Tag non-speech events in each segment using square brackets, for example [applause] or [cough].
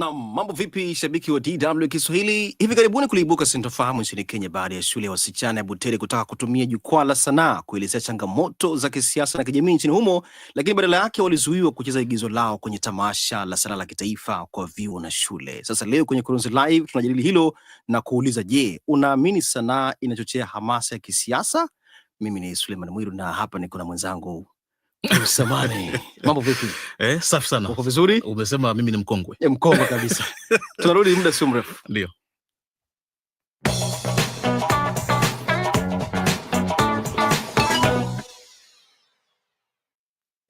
Na mambo vipi, shabiki wa DW Kiswahili? Hivi karibuni kuliibuka sintofahamu nchini Kenya baada ya shule ya wasichana ya Butere kutaka kutumia jukwaa la sanaa kuelezea changamoto za kisiasa na kijamii nchini humo, lakini badala yake walizuiwa kucheza igizo lao kwenye tamasha la sanaa la kitaifa kwa vyuo na shule. Sasa leo kwenye Kurunzi Live tunajadili hilo na kuuliza, je, unaamini sanaa inachochea hamasa ya kisiasa? Mimi ni Suleiman Mwiru na hapa niko na mwenzangu Samani, [laughs] mambo vipi? Eh, safi sana. Uko vizuri? Umesema mimi ni mkongwe. E, mkongwe kabisa. [laughs] Tunarudi muda si mrefu. Ndio.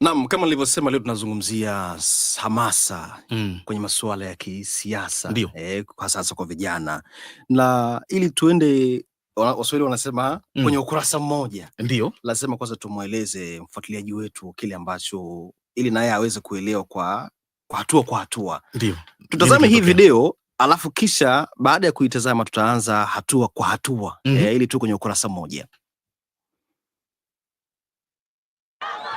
Naam, kama nilivyosema leo tunazungumzia hamasa mm, kwenye masuala ya kisiasa eh, hasa kwa vijana, na ili tuende Waswahili wanasema mm. kwenye ukurasa mmoja ndio lazima kwanza tumweleze mfuatiliaji wetu kile ambacho ili naye aweze kuelewa kwa kwa hatua kwa hatua. Ndio tutazame hii video alafu kisha baada ya kuitazama tutaanza hatua kwa hatua mm -hmm. e, ili tu kwenye ukurasa mmoja.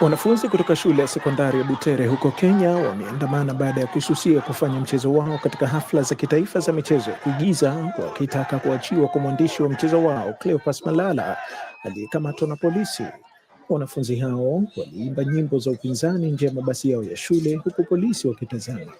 Wanafunzi kutoka shule ya sekondari ya Butere huko Kenya wameandamana baada ya kususia kufanya mchezo wao katika hafla za kitaifa za michezo ya kuigiza wakitaka kuachiwa kwa mwandishi wa mchezo wao Cleopas Malala aliyekamatwa na polisi. Wanafunzi hao waliimba nyimbo za upinzani nje ya mabasi yao ya shule huku polisi wakitazama.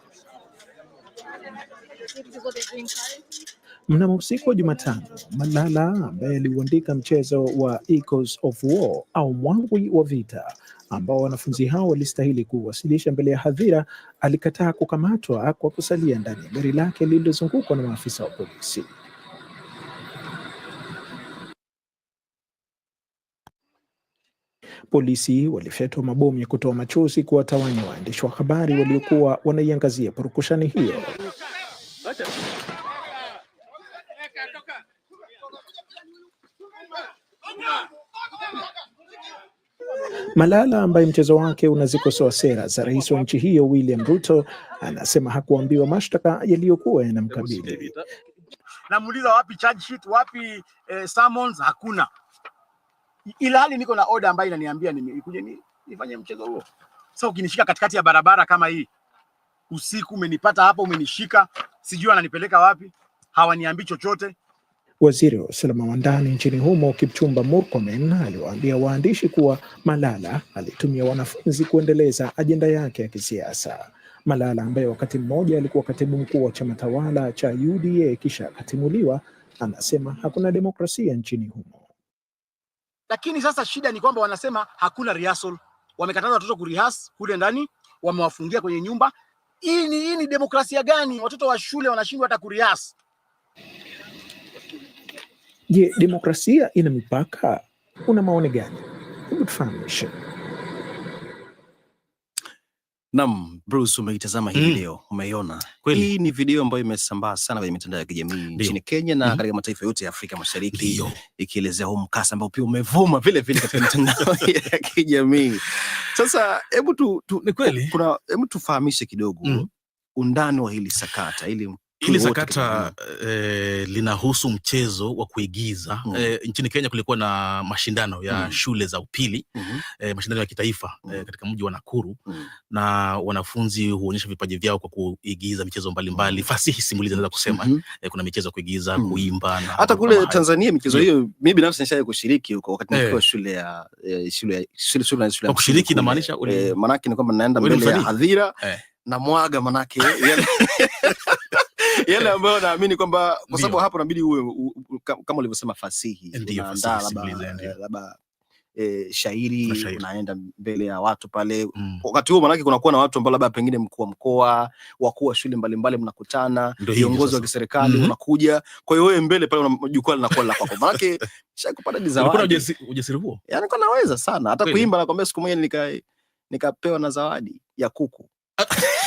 Mnamo usiku wa Jumatano, Malala ambaye aliuandika mchezo wa Echoes of War au mwangwi wa vita ambao wanafunzi hao walistahili kuwasilisha mbele ya hadhira, alikataa kukamatwa kwa kusalia ndani ya gari lake lililozungukwa na maafisa wa polisi. Polisi walifyatua mabomu ya kutoa machozi kuwatawanya waandishi wa habari waliokuwa wanaiangazia purukushani hiyo. Malala ambaye mchezo wake unazikosoa sera za rais wa nchi hiyo William Ruto anasema hakuambiwa mashtaka yaliyokuwa yanamkabili. Namuuliza wapi charge sheet, wapi eh, summons? Hakuna, ila hali niko na order ambayo inaniambia nikuje ni, nifanye mchezo huo. Sasa ukinishika katikati ya barabara kama hii usiku, umenipata hapo umenishika, sijui ananipeleka wapi, hawaniambii chochote Waziri wa usalama wa ndani nchini humo Kipchumba Murkomen aliwaambia waandishi kuwa Malala alitumia wanafunzi kuendeleza ajenda yake ya kisiasa. Malala ambaye wakati mmoja alikuwa katibu mkuu wa chama tawala cha UDA kisha akatimuliwa, anasema hakuna demokrasia nchini humo. Lakini sasa shida ni kwamba wanasema hakuna rehearsal, wamekataza watoto kurihas kule ndani, wamewafungia kwenye nyumba. Hii ni demokrasia gani? Watoto wa shule wanashindwa hata kurihas. Je, demokrasia ina mipaka? Una maoni gani? Hebu tufahamishe. Nam Bruce, umeitazama hii mm. Leo umeiona kweli. Hii mm. ni video ambayo imesambaa sana kwenye mitandao ya kijamii nchini Kenya na mm -hmm. katika mataifa yote ya Afrika Mashariki, ikielezea huu mkasa ambao pia umevuma vile vile katika [laughs] mitandao ya kijamii. Sasa hebu tu, tu, ni kweli, hebu tufahamishe kidogo mm. undani wa hili sakata ili Hili sakata eh, linahusu mchezo wa kuigiza mm. Eh, nchini Kenya kulikuwa na mashindano ya mm. shule za upili mm -hmm. eh, mashindano ya kitaifa mm. eh, mm-hmm. katika mji wa Nakuru mm. na wanafunzi huonyesha vipaji vyao kwa kuigiza michezo mbalimbali mm. fasihi simulizi, naweza kusema mm -hmm. eh, kuna michezo ya kuigiza mm. kuimba na hata kule Tanzania michezo hiyo yeah. mimi binafsi nishaye kushiriki huko wakati nilikuwa eh. shule ya eh, shule ya shule shule, shule kushiriki na maanisha eh, manake ni kwamba naenda mbele ya hadhira eh. na mwaga manake [laughs] yale ambayo naamini kwamba kwa sababu hapo inabidi uwe kama ulivyosema fasihi, unaandaa labda E, shairi, shairi unaenda mbele ya watu pale mm. Wakati huo manake kunakuwa na watu ambao labda pengine mkuu wa mkoa, wakuu wa shule mbalimbali mnakutana, viongozi wa kiserikali mm -hmm. Unakuja, kwa hiyo wewe mbele pale jukwaa linakuwa la kwako, [laughs] zawadi. Ujasiri huo yani kwa naweza sana hata kuimba, nakwambia siku moja nika na zawadi ya kuku [laughs]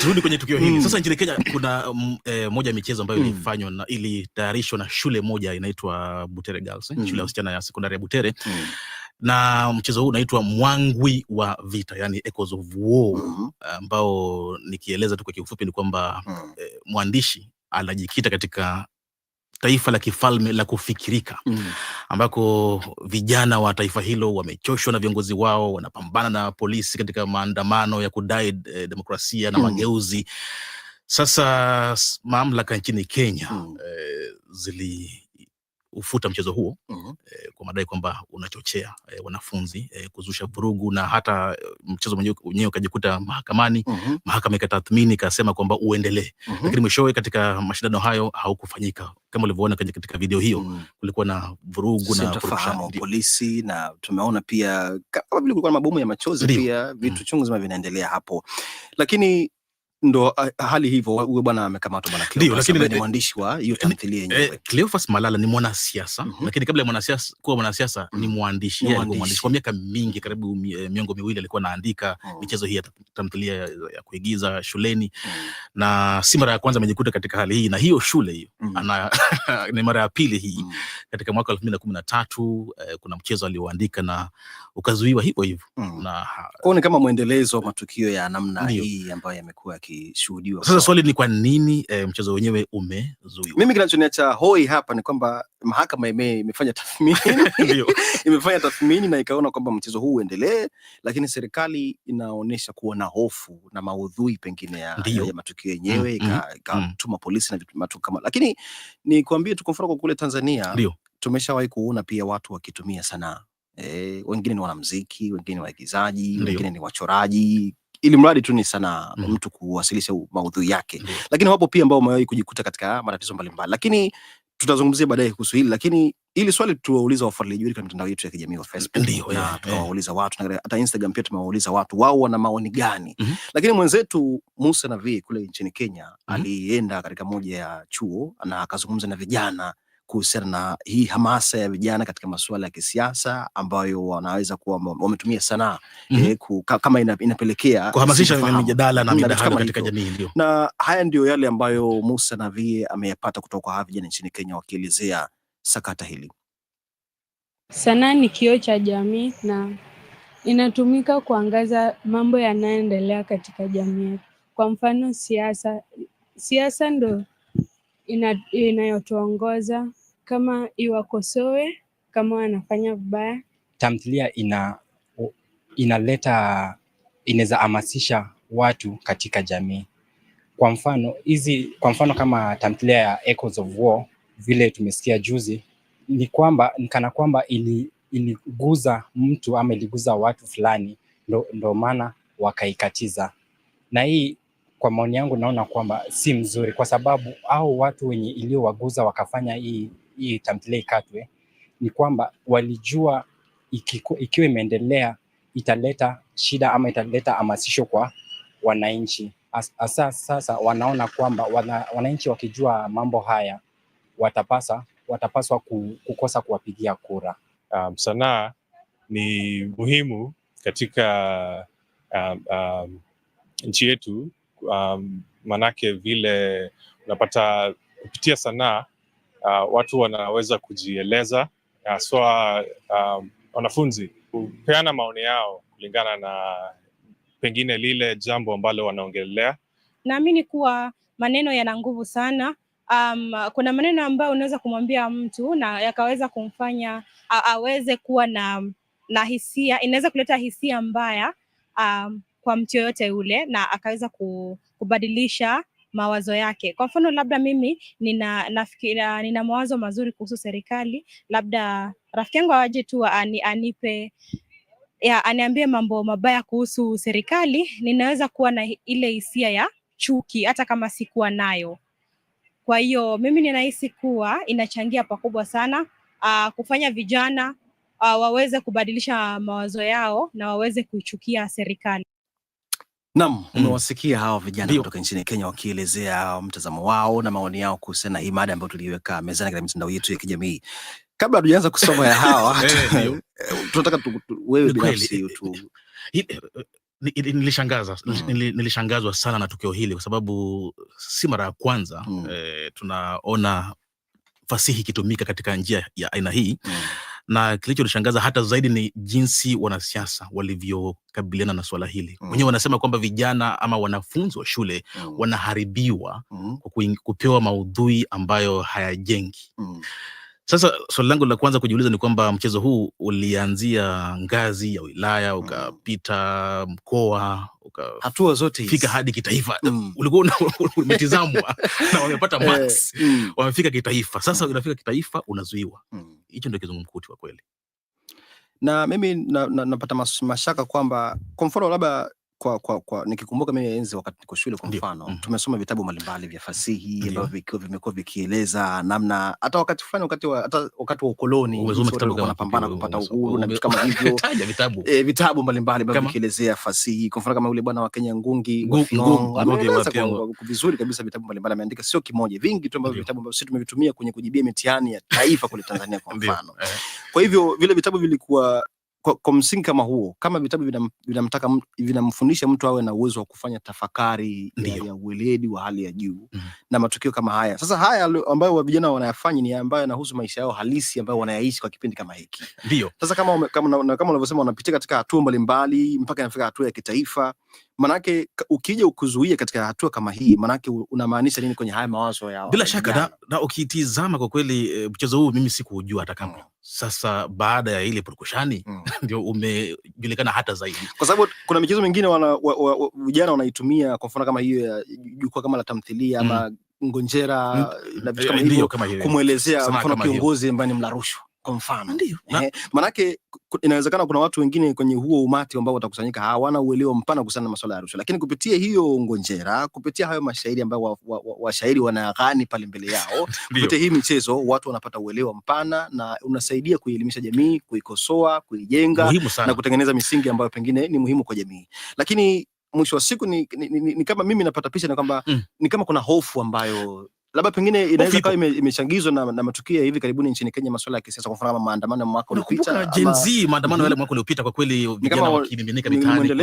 turudi kwenye tukio hili hmm. sasa. Nchini Kenya kuna e, moja ya michezo ambayo hmm. ilifanywa na ilitayarishwa na shule moja inaitwa Butere Girls, eh, hmm. shule ya wasichana ya sekondari ya Butere na mchezo huu unaitwa Mwangwi wa Vita, yani Echoes of War, ambao nikieleza tu kwa kiufupi ni kwamba eh, mwandishi anajikita katika taifa la kifalme la kufikirika mm. ambako vijana wa taifa hilo wamechoshwa na viongozi wao, wanapambana na polisi katika maandamano ya kudai eh, demokrasia na mm. mageuzi. Sasa mamlaka nchini Kenya mm. eh, zili kufuta mchezo huo mm -hmm. e, kwa madai kwamba unachochea e, wanafunzi e, kuzusha vurugu na hata mchezo mwenyewe ukajikuta mahakamani mm -hmm. Mahakama ikatathmini ikasema kwamba uendelee mm -hmm. Lakini mwishowe katika mashindano hayo haukufanyika kama ulivyoona katika video hiyo mm -hmm. Kulikuwa na vurugu na polisi na tumeona pia kama vile kulikuwa na mabomu ya machozi Pia vitu mm -hmm. chungu zima vinaendelea hapo, lakini ndo ah, hali hivyo, huyo bwana amekamatwa bwana. lakini ni eh, mwandishi wa hiyo eh, tamthilia yenyewe. Eh, Cleophas Malala ni mwanasiasa mm -hmm. Lakini kabla ya mwanasiasa kuwa mwanasiasa mm -hmm. ni mwandishi, yeye alikuwa mwandishi kwa miaka mingi, karibu eh, miongo miwili alikuwa anaandika mm. michezo hii ya tamthilia ya kuigiza shuleni mm -hmm na si mara ya kwanza amejikuta katika hali hii, na hiyo shule hiyo mm. ana [laughs] ni mara ya pili hii mm. katika mwaka elfu mbili na kumi na tatu eh, kuna mchezo alioandika na ukazuiwa hivyo hivyo mm. na kwao ni kama mwendelezo wa matukio ya namna hiyo hii ambayo yamekuwa yakishuhudiwa. Sasa swali ni kwa nini eh, mchezo wenyewe umezuiwa? Mimi kinachoniacha hoi hapa ni kwamba mahakama ime, imefanya tathmini [laughs] [laughs] imefanya tathmini na ikaona kwamba mchezo huu uendelee, lakini serikali inaonyesha kuwa na hofu na maudhui pengine ya, ya matukio mm, yenyewe mm, mm. ikatuma mm, polisi na vitu kama, lakini ni kuambie tu kwa kule Tanzania tumeshawahi kuona pia watu wakitumia sanaa e, wengine ni wanamuziki, wengine ni waigizaji, wengine ni wachoraji ili mradi tu ni sana mm mtu kuwasilisha maudhui yake mm Lakini wapo pia ambao wamewahi kujikuta katika matatizo mbalimbali, lakini tutazungumzia baadaye kuhusu hili, lakini hili swali tuwauliza wafuatiliaji wetu katika mitandao yetu ya kijamii wa Facebook, ndio na eh, eh. watu na hata Instagram pia tumewauliza watu wao wana maoni gani. mm -hmm. Lakini mwenzetu Musa Navi kule nchini Kenya mm -hmm. alienda katika moja ya chuo na akazungumza na vijana kuhusiana na hii hamasa ya vijana katika masuala ya kisiasa ambayo wanaweza kuwa wametumia sanaa mm -hmm. eh, kama ina, inapelekea kuhamasisha mijadala na midahalo katika jamii ndio. Na haya ndiyo yale ambayo Musa Navie ameyapata kutoka kwa hawa vijana nchini Kenya wakielezea sakata hili. Sanaa ni kioo cha jamii na inatumika kuangaza mambo yanayoendelea katika jamii yetu. Kwa mfano siasa, siasa ndo ina, inayotuongoza kama iwakosoe kama wanafanya vibaya. Tamthilia ina inaleta inaweza hamasisha watu katika jamii. Kwa mfano hizi, kwa mfano kama tamthilia ya Echoes of War vile tumesikia juzi, ni kwamba ni kana kwamba ili iliguza mtu ama iliguza watu fulani, ndo, ndo maana wakaikatiza. Na hii kwa maoni yangu naona kwamba si mzuri, kwa sababu au watu wenye iliyowaguza wakafanya hii hii tamthilia ikatwe, ni kwamba walijua ikiwa imeendelea italeta shida ama italeta hamasisho kwa wananchi. Asa sasa wanaona kwamba wana, wananchi wakijua mambo haya watapasa watapaswa kukosa kuwapigia kura. Um, sanaa ni muhimu katika um, um, nchi yetu um, manake vile unapata kupitia sanaa uh, watu wanaweza kujieleza haswa um, wanafunzi kupeana maoni yao kulingana na pengine lile jambo ambalo wanaongelea. Naamini kuwa maneno yana nguvu sana. Um, kuna maneno ambayo unaweza kumwambia mtu na yakaweza kumfanya aweze kuwa na na hisia, inaweza kuleta hisia mbaya um, kwa mtu yoyote yule na akaweza kubadilisha mawazo yake. Kwa mfano, labda mimi nina nafikira, nina mawazo mazuri kuhusu serikali, labda rafiki yangu awaje tu ani, anipe ya, aniambie mambo mabaya kuhusu serikali, ninaweza kuwa na ile hisia ya chuki hata kama sikuwa nayo. Kwa hiyo mimi ninahisi kuwa inachangia pakubwa sana uh, kufanya vijana uh, waweze kubadilisha mawazo yao na waweze kuichukia serikali. Naam, umewasikia mm. hawa vijana kutoka nchini Kenya wakielezea mtazamo wao na maoni yao kuhusiana na hii mada ambayo tuliiweka mezani katika mitandao yetu ya kijamii. Kabla hatujaanza kusoma ya hawa [laughs] eh, [laughs] tunataka wewe binafsi tu eh, nilishangaza mm. nilishangazwa sana na tukio hili kwa sababu si mara ya kwanza mm. eh, tunaona fasihi ikitumika katika njia ya aina hii mm na kilichonishangaza hata zaidi ni jinsi wanasiasa walivyokabiliana na swala hili mm. Wenyewe wanasema kwamba vijana ama wanafunzi wa shule mm. wanaharibiwa mm. kwa kupewa maudhui ambayo hayajengi mm. Sasa swali langu la kwanza kujiuliza ni kwamba mchezo huu ulianzia ngazi ya wilaya mm. ukapita mkoa uka hatua zote fika hadi kitaifa. Mm. Ulikuwa [laughs] umetizamwa na wamepata [laughs] eh, max mm. wamefika kitaifa. Sasa mm. unafika kitaifa unazuiwa mm. hicho, mm. ndio kizungumkuti kwa kweli, na mimi napata na, na mashaka kwamba kwa mfano labda kwa, kwa, kwa nikikumbuka mimi enzi wakati niko shule kwa mfano mm. -hmm. tumesoma vitabu mbalimbali vya fasihi ambavyo vikiwa vimekuwa vikieleza namna hata wakati fulani wakati wa hata wakati wa ukoloni wanapambana kupata uhuru na vitu kama [laughs] hivyo vitabu e, vitabu mbalimbali ambavyo vikielezea fasihi kwa mfano kama yule bwana wa Kenya Ngungi vizuri kabisa vitabu mbalimbali ameandika sio kimoja vingi tu ambavyo vitabu ambavyo sisi tumevitumia kwenye kujibia mitihani ya taifa kule Tanzania kwa mfano eh. kwa hivyo vile vitabu vilikuwa kwa, kwa msingi kama huo, kama vitabu vinamtaka vinamfundisha mtu awe na uwezo wa kufanya tafakari Ndiyo. ya uweledi wa hali ya juu mm -hmm. na matukio kama haya sasa, haya ambayo vijana wanayafanya ni ambayo yanahusu maisha yao halisi ambayo wanayaishi kwa kipindi kama hiki. Ndio sasa kama unavyosema, kama, kama, wanapitia katika hatua mbalimbali mpaka inafika hatua ya kitaifa manake ukija ukuzuia katika hatua kama hii, manake unamaanisha nini kwenye haya mawazo yao? Bila shaka na, na ukitizama kwa kweli e, mchezo huu mimi sikuujua hata kama mm. Sasa baada ya ile purukushani mm. [laughs] ndio mm. umejulikana hata zaidi, kwa sababu kuna michezo mingine vijana wana, wa, wa, wanaitumia kwa mfano kama hiyo ya jukwaa kama la tamthilia mm. ama ngonjera mm. na vitu eh, kama hivyo kumwelezea mfano kiongozi ambaye ni mlarushwa kwa mfano ndio eh, manake inawezekana kuna watu wengine kwenye huo umati ambao watakusanyika hawana uelewa mpana kuhusiana na masuala ya rushwa, lakini kupitia hiyo ngonjera, kupitia hayo mashairi ambayo washairi wa, wa, wa wanaghani pale mbele yao [laughs] kupitia hii michezo watu wanapata uelewa mpana na unasaidia kuielimisha jamii, kuikosoa, kuijenga na kutengeneza misingi ambayo pengine ni muhimu kwa jamii, lakini mwisho wa siku ni, ni, ni, ni, ni kama mimi napata picha na kwamba mm, ni kama kuna hofu ambayo labda pengine inaweza kawa imechangizwa na, na matukio ya hivi karibuni nchini Kenya, masuala ya kisiasa, kwa mfano kama maandamano ya mwaka uliopita, Gen Z maandamano yale mhm. mwaka uliopita, kwa kweli vijana wakimiminika mitaani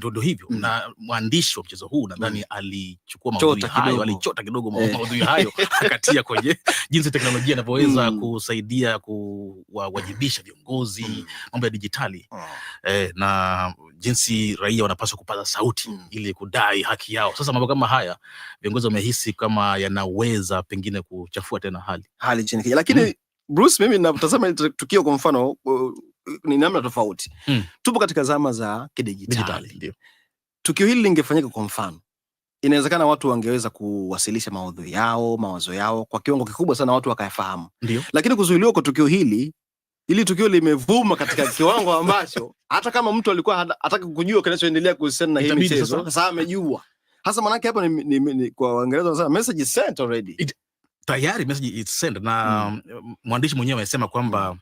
ndio hivyo. Mhm. Na mwandishi wa mchezo huu nadhani mhm. alichukua maudhui hayo, alichota kidogo eh. maudhui hayo [laughs] akatia kwenye jinsi teknolojia inavyoweza mm. kusaidia kuwawajibisha viongozi, mm. mambo ya dijitali mm. eh, na jinsi raia wanapaswa kupata sauti mm. ili kudai haki yao. Sasa mambo kama haya viongozi wamehisi kama yanaweza pengine kuchafua tena hali hali nchini Kenya, lakini mm. Bruce, mimi natazama tukio kwa mfano ni namna tofauti mm. tupo katika zama za kidijitali. Tukio hili lingefanyika kwa mfano inawezekana watu wangeweza kuwasilisha maudhui yao mawazo yao kwa kiwango kikubwa sana, watu wakayafahamu. Lakini kuzuiliwa kwa tukio hili Hili tukio limevuma katika kiwango ambacho hata kama mtu alikuwa hataki kujua kinachoendelea kuhusiana na hii michezo, sasa amejua. Hasa maanake hapa ni, ni, ni, kwa Waingereza wanasema message sent already. It, tayari message is sent na mm. mwandishi mwenyewe amesema kwamba hmm.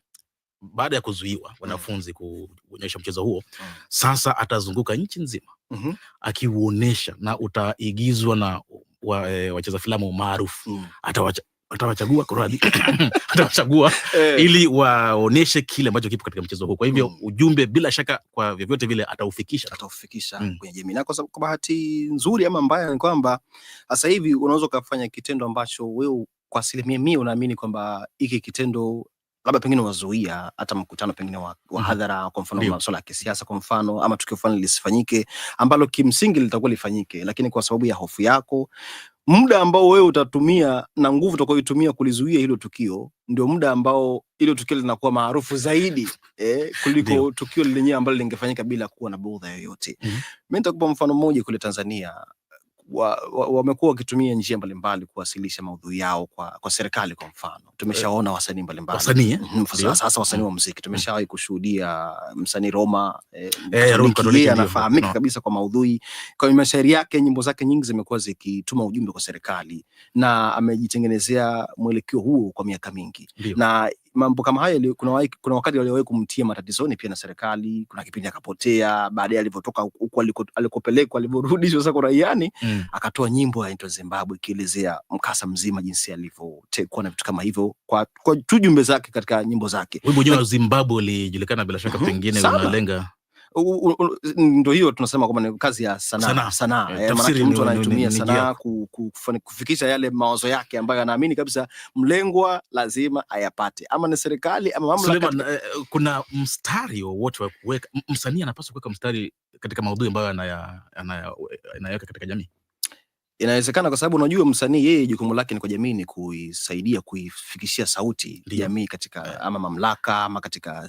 baada ya kuzuiwa wanafunzi hmm. kuonyesha mchezo huo mm. sasa atazunguka nchi nzima mm -hmm. akiuonesha na utaigizwa na eh, wacheza wa, e, filamu maarufu mm watawachagua [coughs] [coughs] watawachagua eh. ili waoneshe kile ambacho kipo katika mchezo huu. Kwa hivyo mm. ujumbe bila shaka kwa vyovyote vile ataufikisha ataufikisha mm. kwenye jamii. Na kwa bahati nzuri ama mbaya ni kwamba sasa hivi unaweza ukafanya kitendo ambacho wewe kwa asilimia mia unaamini kwamba hiki kitendo labda pengine wazuia hata mkutano pengine wa, wa mhm. hadhara kwa mfano masuala ya kisiasa kwa mfano, ama tukio fulani lisifanyike ambalo kimsingi litakuwa lifanyike, lakini kwa sababu ya hofu yako, muda ambao wewe utatumia na nguvu utakayoitumia kulizuia hilo tukio ndio muda ambao hilo tukio linakuwa maarufu zaidi [laughs] eh, kuliko tukio lenyewe ambalo lingefanyika bila kuwa na bodha yoyote. Mi mm -hmm. nitakupa mfano mmoja kule Tanzania wamekuwa wakitumia njia mbalimbali kuwasilisha maudhui yao kwa, kwa serikali. Kwa mfano tumeshaona eh, wasanii mbalimbali wasanii eh? mm -hmm. wasanii wa mm. muziki mm. tumeshawahi kushuhudia uh, msanii Roma eh, eh anafahamika no. kabisa kwa maudhui, kwa mashairi yake, nyimbo zake nyingi zimekuwa zikituma ujumbe kwa serikali na amejitengenezea mwelekeo huo kwa miaka mingi Dio. na mambo kama hayo, kuna, kuna wakati waliwahi kumtia matatizoni pia na serikali. Kuna kipindi akapotea, baadaye alivyotoka huku alikopelekwa, alivyorudishwa sasa kuraiani mm. akatoa nyimbo ya Into Zimbabwe ikielezea mkasa mzima jinsi alivyotekwa na vitu kama hivyo kwa, kwa tu jumbe zake katika nyimbo zake. Wimbo wa Zimbabwe ulijulikana bila shaka, mhm, pengine unalenga ndio hiyo tunasema kwamba ni kazi ya sanaa, sanaa eh, eh, maana mtu anayetumia sanaa kufikisha yale mawazo yake ambayo anaamini kabisa mlengwa lazima ayapate, ama ni serikali ama mamlaka. Eh, kuna mstari wowote wa kuweka msanii anapaswa kuweka mstari katika maudhui ambayo anayaweka katika jamii? inawezekana kwa sababu unajua msanii yeye jukumu lake ni kwa jamii, ni kuisaidia kuifikishia sauti Dio. jamii katika eh. ama mamlaka ama katika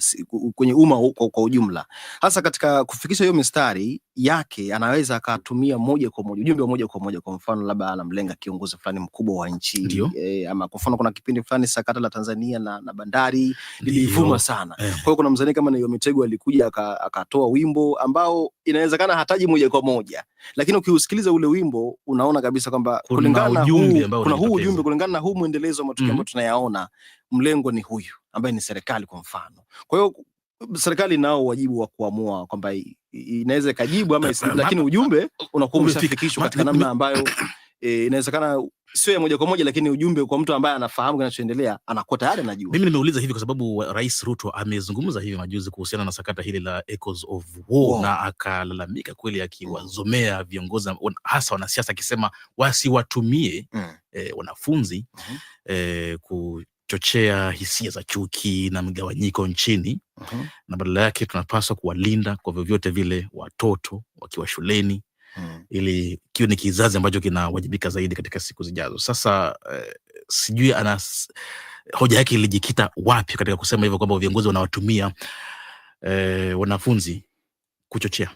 kwenye umma kwa, kwa ujumla. Hasa katika kufikisha hiyo mistari yake anaweza akatumia moja kwa moja ujumbe wa moja kwa moja. Kwa mfano labda anamlenga kiongozi fulani mkubwa wa nchi e, ama kwa mfano kuna kipindi fulani sakata la Tanzania na, na bandari lilivuma sana eh. Kwa hiyo kuna msanii kama Nayomtego alikuja akatoa wimbo ambao inawezekana hataji moja kwa moja lakini ukiusikiliza ule wimbo unaona kabisa kwamba kulingana huu, kuna huu ujumbe kulingana na huu mwendelezo wa matukio ambayo mm tunayaona, mlengo ni huyu ambaye ni serikali kwa mfano. Kwa hiyo serikali nao wajibu wa kuamua kwamba inaweza ikajibu ama, lakini ujumbe unakuwa umeshafikishwa katika namna ambayo e, inawezekana sio ya moja kwa moja, lakini ujumbe kwa mtu ambaye anafahamu kinachoendelea anakuwa tayari anajua. Mimi nimeuliza hivi kwa sababu uh, Rais Ruto amezungumza hivi majuzi kuhusiana na sakata hili la Echoes of War wow. na akalalamika kweli, akiwazomea viongozi hasa wanasiasa, akisema wasiwatumie mm. e, wanafunzi mm -hmm. e, ku chochea hisia za chuki na mgawanyiko nchini uh mm-hmm. -huh. na badala yake tunapaswa kuwalinda kwa vyovyote vile watoto wakiwa shuleni mm. ili kiwe ni kizazi ambacho kinawajibika zaidi katika siku zijazo. Sasa eh, sijui ana hoja yake ilijikita wapi katika kusema hivyo kwamba viongozi wanawatumia eh, wanafunzi kuchochea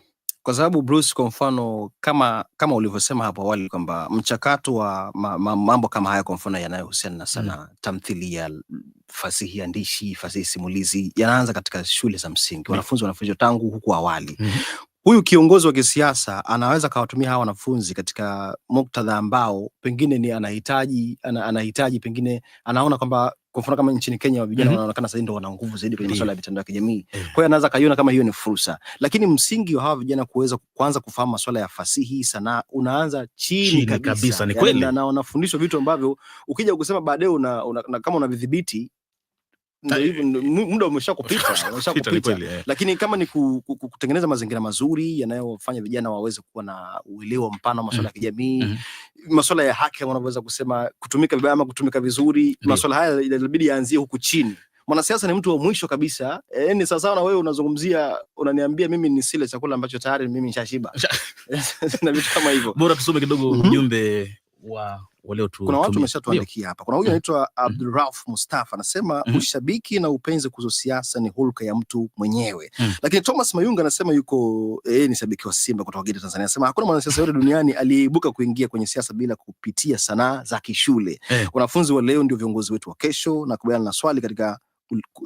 kwa sababu Bruce, kwa mfano kama kama ulivyosema hapo awali kwamba mchakato wa ma, ma, mambo kama haya kwa mfano yanayohusiana na sana mm. tamthilia, fasihi andishi, fasihi simulizi yanaanza katika shule za msingi, hmm. wanafunzi wanafunzwa tangu huku awali mm huyu kiongozi wa kisiasa anaweza kawatumia hawa wanafunzi katika muktadha ambao pengine ni anahitaji ana, anahitaji pengine anaona kwamba kwa mfano kama nchini Kenya vijana mm -hmm. wanaonekana sasa ndio wana nguvu zaidi kwenye masuala ya mitandao ya kijamii. Eh. Kwa hiyo anaweza kaiona kama hiyo ni fursa, lakini msingi wa hawa vijana kuweza kuanza kufahamu masuala ya fasihi, sanaa unaanza chini, chini kabisa, kabisa. Ni yaani kweli yani, na wanafundishwa vitu ambavyo ukija kusema baadaye una, una, una, kama unavidhibiti Eh, muda umesha kupita, [laughs] umesha kupita. Eh. Lakini kama ni ku, ku, kutengeneza mazingira mazuri yanayofanya vijana waweze kuwa na uelewa mpana wa masuala ya mm. kijamii mm masuala ya haki wanavyoweza kusema kutumika vibaya ama kutumika vizuri, masuala haya inabidi yaanzie huku chini. Mwanasiasa ni mtu wa mwisho kabisa. E, ni sawasawa na wewe unazungumzia, unaniambia mimi ni sile chakula ambacho tayari mimi nishashiba [laughs] na vitu kama hivyo. Bora tusome kidogo mm-hmm. ujumbe mm -hmm wa walio tu. Kuna watu wameshatuandikia hapa. Kuna huyu mm. anaitwa mm -hmm. Mustafa anasema mm -hmm. ushabiki na upenzi kuhusu siasa ni hulka ya mtu mwenyewe mm -hmm. Lakini Thomas Mayunga anasema yuko yeye eh, ni shabiki wa Simba kutoka Geita, Tanzania. Anasema hakuna mwanasiasa yote duniani aliyeibuka kuingia kwenye siasa bila kupitia sanaa za kishule eh. Wanafunzi wa leo ndio viongozi wetu wa kesho, na kubaliana na swali katika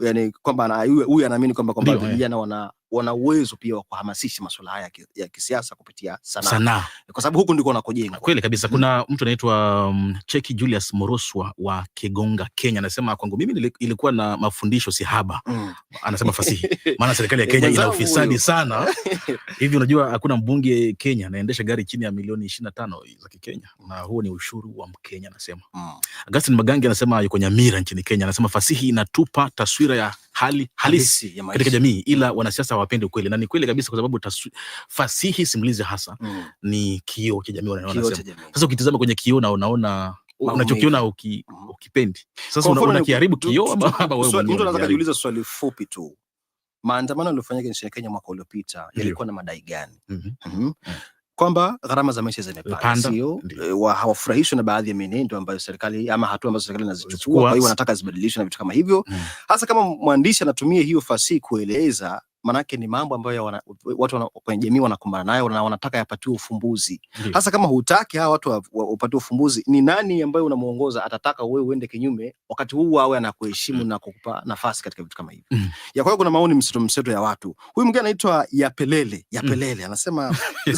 yani kwamba huyu anaamini kwamba kwamba vijana eh. wana wana uwezo pia wa kuhamasisha masuala haya ya kisiasa kupitia sanaa sana, kwa sababu huku ndiko wanakojenga kweli kabisa. Kuna mm. mtu anaitwa um, Cheki Julius Moroswa wa Kigonga, Kenya, anasema kwangu mimi ilikuwa na mafundisho sihaba mm. Anasema fasihi maana serikali ya [laughs] Kenya ina ufisadi sana [laughs] hivi. Unajua hakuna mbunge Kenya anaendesha gari chini ya milioni ishirini na tano za Kikenya, na huo ni ushuru wa Mkenya, anasema mm. Augustin Magangi anasema yuko Nyamira nchini Kenya, anasema fasihi inatupa taswira ya hali halisi katika jamii, ila wanasiasa hawapendi ukweli, na ni kweli kabisa, kwa sababu tasu, fasihi simulizi hasa mm. ni kioo cha jamii. Sasa ukitizama kwenye kioo na unaona unachokiona mm. ukipendi, sasa unakiharibu kioo. Mtu anaweza kujiuliza swali fupi tu, maandamano yaliyofanyika nchini Kenya mwaka uliopita yalikuwa na madai gani? Mm-hmm. Mm-hmm. Mm. kwamba gharama za maisha zimepanda, sio eh, hawafurahishwi na baadhi ya mienendo ambayo serikali ama hatua ambazo serikali inazichukua, kwa hiyo wanataka zibadilishwe na vitu kama hivyo hmm. hasa kama mwandishi anatumia hiyo fasihi kueleza manake ni mambo ambayo wana, watu wana, kwenye jamii wanakumbana nayo na wanataka yapatiwe ufumbuzi. Hasa kama hutaki hawa watu wapatiwe ufumbuzi, ni nani ambaye unamuongoza atataka wewe uende kinyume, wakati huu awe anakuheshimu mm. na kukupa nafasi katika vitu kama hivi mm. ya kwa hiyo kuna maoni mseto mseto ya watu. Huyu mwingine anaitwa Yapelele mm. Yapelele mm. anasema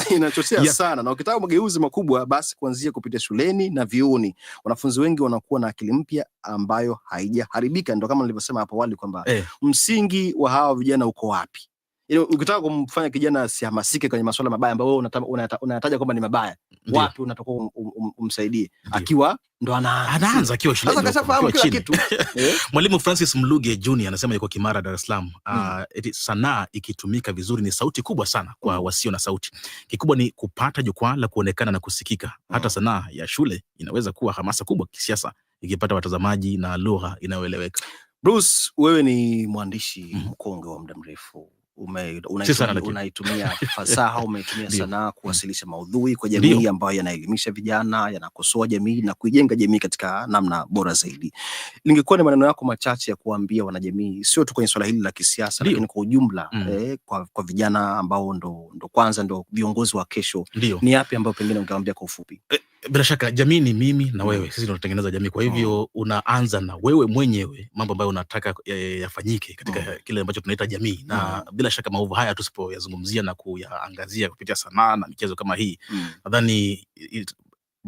[laughs] inachochea yeah. sana, na ukitaka mageuzi makubwa, basi kuanzia kupitia shuleni na vyuoni. Wanafunzi wengi wanakuwa na akili mpya ambayo haijaharibika. ndo kama nilivyosema hapo awali kwamba eh, msingi wa hawa vijana uko wapi? Yaani ukitaka kumfanya kijana asihamasike kwenye masuala mabaya ambayo wewe unayataja una, una kwamba ni mabaya, wapi unatoka um, um, um, umsaidie akiwa ndo anaanza akiwa shule. Sasa kashafahamu kila kitu. [laughs] Eh? Mwalimu Francis Mluge Junior anasema yuko Kimara, Dar es Salaam. Uh, mm. sanaa ikitumika vizuri ni sauti kubwa sana kwa mm. wasio na sauti. Kikubwa ni kupata jukwaa la kuonekana na kusikika. Hmm. Hata sanaa ya shule inaweza kuwa hamasa kubwa kisiasa ikipata watazamaji na lugha inayoeleweka. Bruce, wewe ni mwandishi hmm. mkongwe mm. wa muda mrefu unaitumia, [laughs] fasaha umeitumia sanaa mm. kuwasilisha maudhui kwa jamii ambayo yanaelimisha vijana, yanakosoa jamii na kuijenga jamii katika namna bora zaidi. Ningekuwa ni maneno yako machache ya kuwaambia wanajamii, sio tu kwenye swala hili la kisiasa, lakini kwa ujumla mm, eh, kwa, kwa vijana ambao ndo, ndo kwanza ndo viongozi wa kesho, ni yapi ambayo pengine ungewaambia kwa ufupi? Eh, bila shaka jamii ni mimi na mm. wewe, sisi tunatengeneza jamii. Kwa hivyo oh. unaanza na wewe mwenyewe mambo ambayo unataka yafanyike katika oh. kile ambacho tunaita jamii na mm, bila shaka maovu haya tusipoyazungumzia na kuyaangazia kupitia sanaa na michezo kama hii mm. nadhani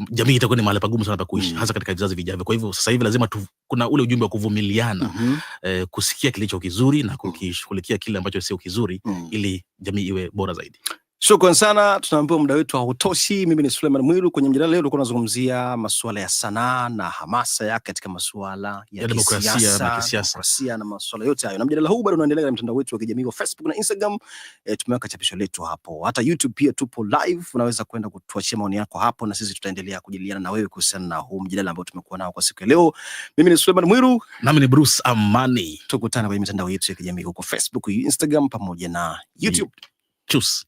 jamii itakuwa ni mahali pagumu sana pa kuishi mm. hasa katika vizazi vijavyo. Kwa hivyo sasa hivi lazima tu, kuna ule ujumbe wa kuvumiliana mm -hmm. eh, kusikia kilicho kizuri na hmm. kukishughulikia kile ambacho sio kizuri mm. ili jamii iwe bora zaidi. Shukran sana, tunaambiwa muda wetu hautoshi. Mimi ni Suleiman Mwilu. Kwenye mjadala leo tulikuwa tunazungumzia masuala ya sanaa na hamasa yake katika masuala ya kisiasa, demokrasia na masuala yote hayo, na mjadala huu bado unaendelea katika mtandao wetu wa kijamii wa Facebook na Instagram. E, tumeweka chapisho letu hapo, hata YouTube pia tupo live. Unaweza kwenda kutuachia maoni yako hapo, na sisi tutaendelea kujadiliana na wewe kuhusiana na huu mjadala ambao tumekuwa nao kwa siku ya leo. Mimi ni Suleiman Mwilu, nami ni Bruce Amani. Tukutane kwenye mitandao yetu ya kijamii huko Facebook, Instagram pamoja na YouTube. Chus.